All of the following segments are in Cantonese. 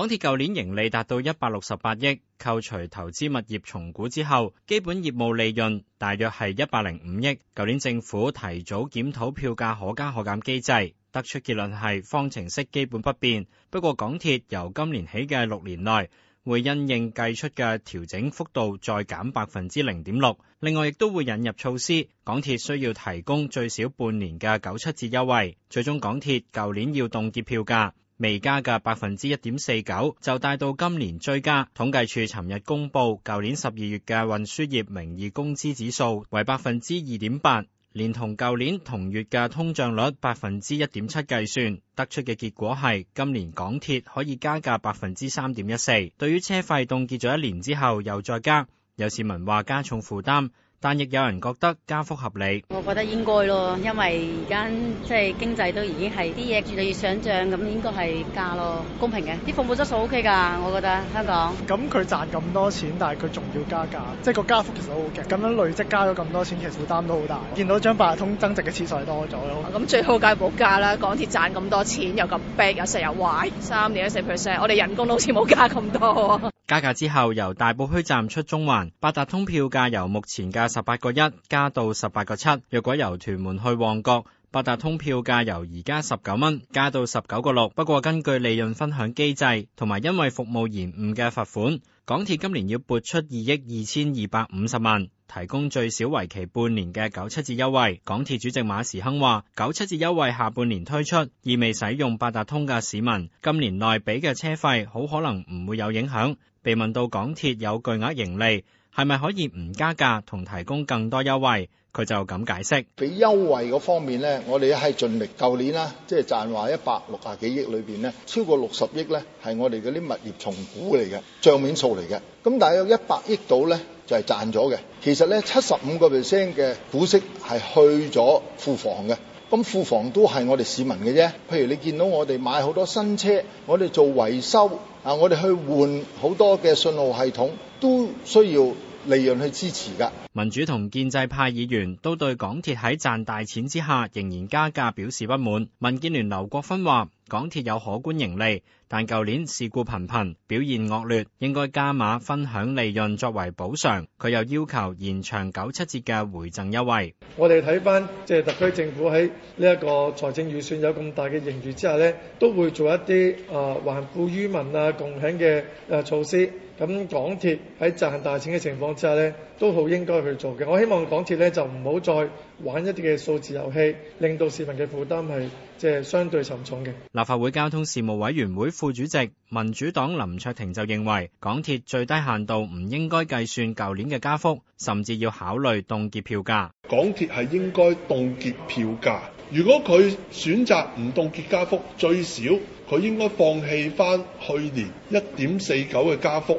港鐵舊年盈利達到一百六十八億，扣除投資物業重估之後，基本業務利潤大約係一百零五億。舊年政府提早檢討票價可加可減機制，得出結論係方程式基本不變。不過港鐵由今年起嘅六年內，會因應計出嘅調整幅度再減百分之零點六。另外亦都會引入措施，港鐵需要提供最少半年嘅九七折優惠。最終港鐵舊年要凍結票價。未加價百分之一點四九就帶到今年追加。統計處尋日公布，舊年十二月嘅運輸業名義工資指數為百分之二點八，連同舊年同月嘅通脹率百分之一點七計算，得出嘅結果係今年港鐵可以加價百分之三點一四。對於車費凍結咗一年之後又再加，有市民話加重負擔。但亦有人覺得加幅合理。我、就是，我覺得應該咯，因為而家即係經濟都已經係啲嘢越嚟越上漲，咁應該係加咯，公平嘅，啲服務質素 OK 㗎，我覺得香港。咁佢賺咁多錢，但係佢仲要加價，即係個加幅其實好勁，咁樣累積加咗咁多錢，其實負擔都好大。見到張八達通增值嘅次數係多咗咯。咁最好梗係冇加啦，港鐵賺咁多錢又咁逼，a 又成日壞，三點一四 percent，我哋人工都好似冇加咁多。加價之後，由大埔墟站出中環八達通票價由目前嘅十八個一加到十八個七。若果由屯門去旺角，八達通票價由而家十九蚊加到十九個六，不過根據利潤分享機制同埋因為服務延誤嘅罰款，港鐵今年要撥出二億二千二百五十萬，提供最少為期半年嘅九七折優惠。港鐵主席馬時亨話：九七折優惠下半年推出，意味使用八達通嘅市民，今年內俾嘅車費好可能唔會有影響。被問到港鐵有巨額盈利，係咪可以唔加價同提供更多優惠？佢就咁解釋，俾優惠嗰方面咧，我哋係盡力。舊年啦，即係賺話一百六啊幾億裏邊咧，超過六十億咧係我哋嘅啲物業重估嚟嘅，帳面數嚟嘅。咁大約一百億度咧就係賺咗嘅。其實咧七十五個 percent 嘅股息係去咗庫房嘅，咁庫房都係我哋市民嘅啫。譬如你見到我哋買好多新車，我哋做維修啊，我哋去換好多嘅信號系統都需要。利潤去支持㗎。民主同建制派議員都對港鐵喺賺大錢之下仍然加價表示不滿。民建聯劉國勳話。港鐵有可觀盈利，但舊年事故頻頻，表現惡劣，應該加碼分享利潤作為補償。佢又要求延長九七折嘅回贈優惠。我哋睇翻即係特區政府喺呢一個財政預算有咁大嘅盈餘之下呢，都會做一啲啊還富於民啊共享嘅啊措施。咁港鐵喺賺大錢嘅情況之下呢，都好應該去做嘅。我希望港鐵呢就唔好再玩一啲嘅數字遊戲，令到市民嘅負擔係即係相對沉重嘅。立法會交通事務委員會副主席民主黨林卓廷就認為，港鐵最低限度唔應該計算舊年嘅加幅，甚至要考慮凍結票價。港鐵係應該凍結票價，如果佢選擇唔凍結加幅，最少佢應該放棄翻去年一點四九嘅加幅。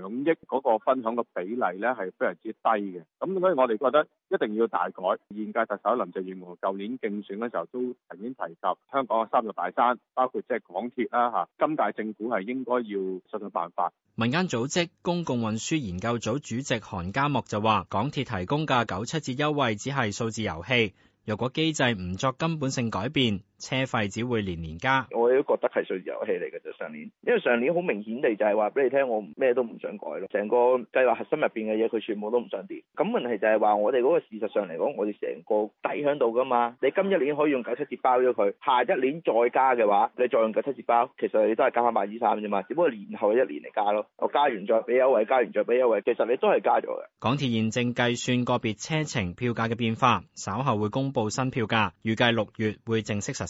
兩億嗰個分享嘅比例咧係非常之低嘅，咁所以我哋覺得一定要大改。現屆特首林鄭月娥舊年競選嘅時候都曾經提及香港嘅三座大山，包括即係港鐵啦嚇。今屆政府係應該要想想辦法。民間組織公共運輸研究組主席韓家木就話：港鐵提供嘅九七折優惠只係數字遊戲，若果機制唔作根本性改變，車費只會年年加，我都覺得係數字遊戲嚟嘅就上年，因為上年好明顯地就係話俾你聽，我咩都唔想改咯，成個計劃核心入邊嘅嘢佢全部都唔想跌。咁問題就係話，我哋嗰個事實上嚟講，我哋成個抵喺度噶嘛。你今一年可以用九七折包咗佢，下一年再加嘅話，你再用九七折包，其實你都係加翻百分之三啫嘛。只不過年後一年嚟加咯，我加完再俾優惠，加完再俾優惠，其實你都係加咗嘅。港鐵現正計算個別車程票價嘅變化，稍後會公布新票價，預計六月會正式實施。